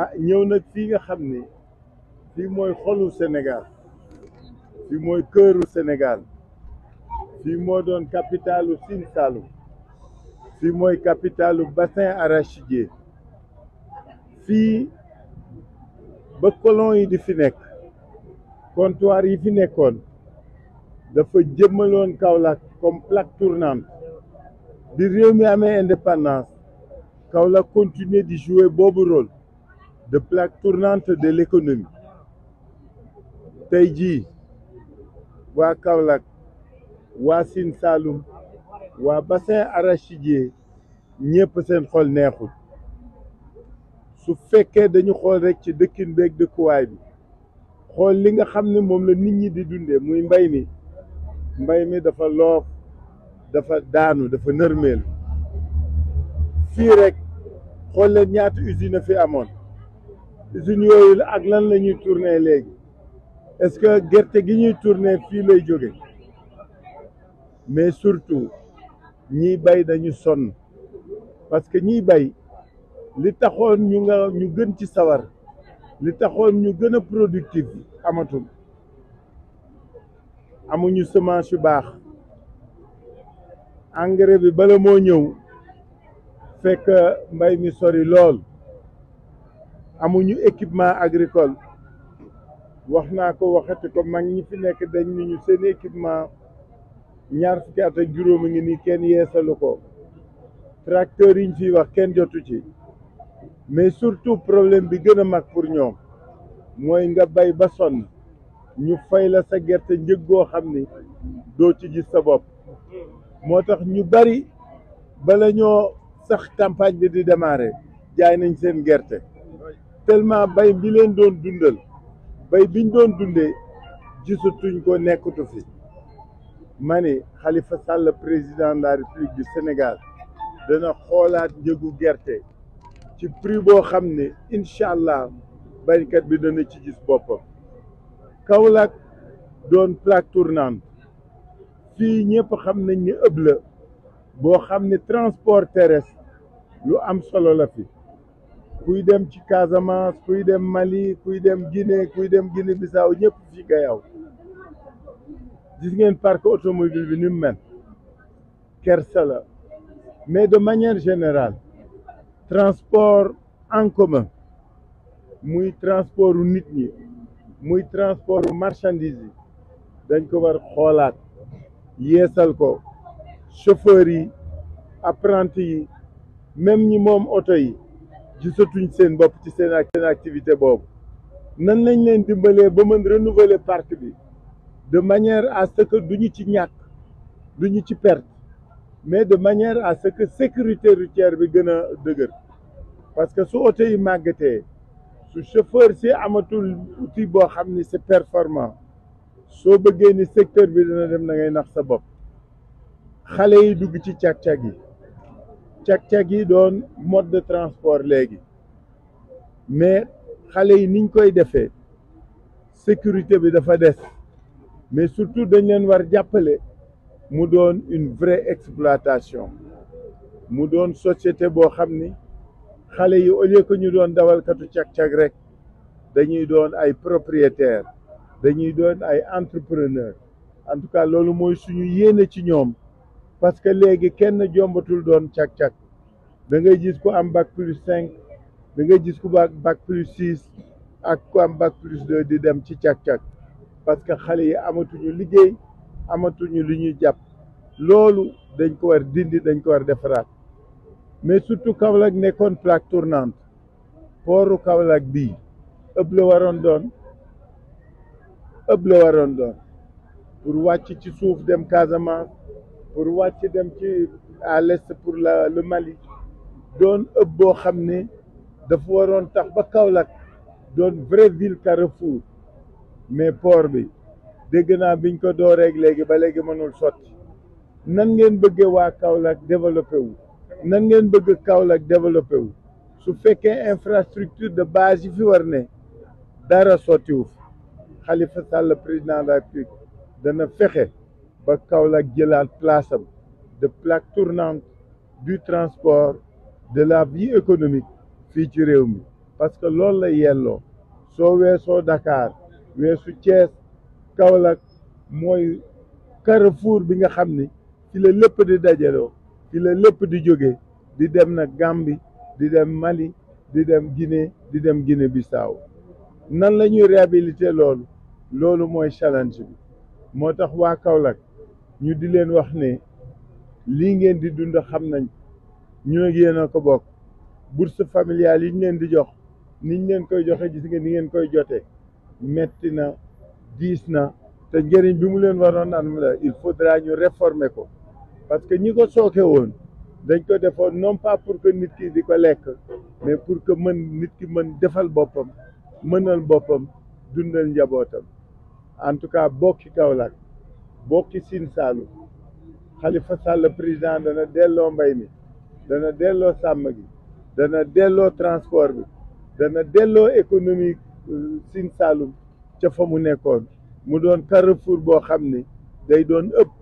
ah ñëw nag fii nga xam ni fii mooy xolu Sénégal fii cœur du Sénégal fii moo doon capitalu Sine Saloum fii mooy capitalu bassin Arachidé. si ba colon yi di fi nekk comptoir yi fi dafa comme plaque tournante bi réew mi amee indépendance continuer di jouer boobu rôle de de l'économie tey jii waa Kaolack waa Sine waa bassin arachidier ñépp seen xol neexul su fekkee dañu xool rekk ci dëkkin beeg dëkkuwaay bi xool li nga xam ne moom la nit ñi di dundee muy mbay mi mbay mi dafa loof dafa daanu dafa nërmeel fii rek xool leen ñaata usine fi amoon usines yooyu la ak lan la tourner léegi est-ce que gerte gi tourner fii lay jóge mais surtout ñiy bay dañu son. parce que ñiy bay li taxoon ñu nga ñu gën ci sawar li taxoon ñu gën a productif amatul amuñu semence yu baax engrais bi bala moo ñëw fekk mbay mi sori lol. amuñu équipement agricole wax naa ko waxati ko mag ñi fi nekk dañ ni ñu seen équipement ñaar fukki ak juróom a ngi nii kenn yeesalu ko tracteurs yi ñu fiy wax kenn jotu ci mais surtout problème bi gën a mag pour ñoom mooy nga bay ba sonn ñu fay la sa gerte njëg goo xam ni doo ci gis sa bopp moo tax ñu bari bala ñoo sax campagne bi di démarrer jaay nañ seen gerte. tellement bay bi len doon dundal bay biñ doon dundee gisatuñ ko nekkatu fi mané Khalifa Sall président de la République du Sénégal dana xolaat njëgu gerte ci prix bo xamné Inshallah, incha kat baykat bi dana ci gis bopam Kaolack doon plaque tournante fi ñepp xamnañ ni ëpp bo xamné transport terrestre lu am solo la fi kuy dem ci Casamance kuy dem Mali kuy dem Guinée kuy dem Guinée Bissau ñëpp fi Gayaaw gis ngeen parc automobile bi ni mu mel kersa la mais de manière générale transport en commun muy transport u nit ñi muy transport marchandise yi dañ ko war xoolaat yeesal ko chauffeur yi apprenti yi même ñi moom oto yi gisatuñ seen bopp ci seen ak seen activité boobu nan lañ leen dimbalee ba mën renouveler parc bi de manière à ce que duñu ci ñàkk duñu ci perte mais de manière à ce que sécurité routière bi gën a parce que su oto yi màggatee su chauffeur si amatul outil boo xam ni c'est performant soo bëggee ni secteur bi dina dem na ngay nax sa bopp xale yi dugg ci cag-cag yi cag-cag yi doon mode de transport léegi mais xalé yi niñ koy défé sécurité bi dafa dess mais surtout dañ leen war jàppale mu doon une vraie exploitation mu doon société bo xamni xalé yi au lieu que ñu doon dawalkatu ciak ciak rek dañuy doon ay propriétaires dañuy doon ay entrepreneur en tout cas lolu moy suñu yéene ci ñom parce que léegi kenn jombatul doon càq-càq da ngay gis ku am bac plus cinq da ngay gis ku ba bac plus six ak ku am bac plus deux di dem ci càq-càq parce que xale yi amatuñu liggéey amatuñu li ñuy jàpp loolu dañ ko war dindi dañ ko war defaraat mais surtout Kaolack nekkoon plaque tournante pooru Kaolack bi ëpp la waroon doon ëpp la waroon doon pour wàcc ci suuf dem Casamance pour wàcc dem ci à l'est pour la le Mali doon ëpp boo xam ne dafa waroon tax ba Kaolack doon vraie ville carrefour mais pour bi dégg naa biñ ko dooreeg léegi ba léegi mënul sotti nan ngeen bëggee waa Kaolack développé wu nan ngeen bëgg Kaolack développé wu su fekkee infrastructure de base yi fi war ne dara sottiwu fi Khalifa Sall président de dana fexe ba Kaolack jëlaat place am de plaque tournante du transport de la vie économique fii ci réew mi parce que loolu la yelloo soo weesoo Dakar weesu Thiès Kaolack mooy carrefour bi nga xam ni ci la lépp di dajaloo ci la lépp di jóge di dem na Gambie di dem Mali di dem gine di dem Guinée Bissau nan la ñuy réhabiliter loolu loolu mooy challenge bi moo tax waa Kaolack ñu di leen wax ne lii ngeen di dund xam nañ ñu ak yéen a ko bokk bourse familiale yi ñu leen di jox niñ leen koy joxe gis nga ni ngeen koy jote metti na diis na te njëriñ bi mu leen waroon am la il faudra ñu réformer ko parce que ñi ko sooke woon dañ ko defoon non pour que nit ki di ko lekk mais pour que mën nit ki mën defal boppam mënal boppam dundal njabootam en tout cas bokki Kaolack bokki Sine Saalum xalifa Sall président dana delloo mbay mi dana delloo sàmm gi dana delloo transport bi dana delloo économie euh, Sine Saalum ca fa mu nekkoon mu doon carrefour boo xam ni day doon ëpp